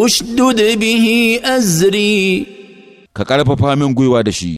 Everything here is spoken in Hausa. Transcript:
ushdud bihi azri ka ƙarfafa min gwiwa da shi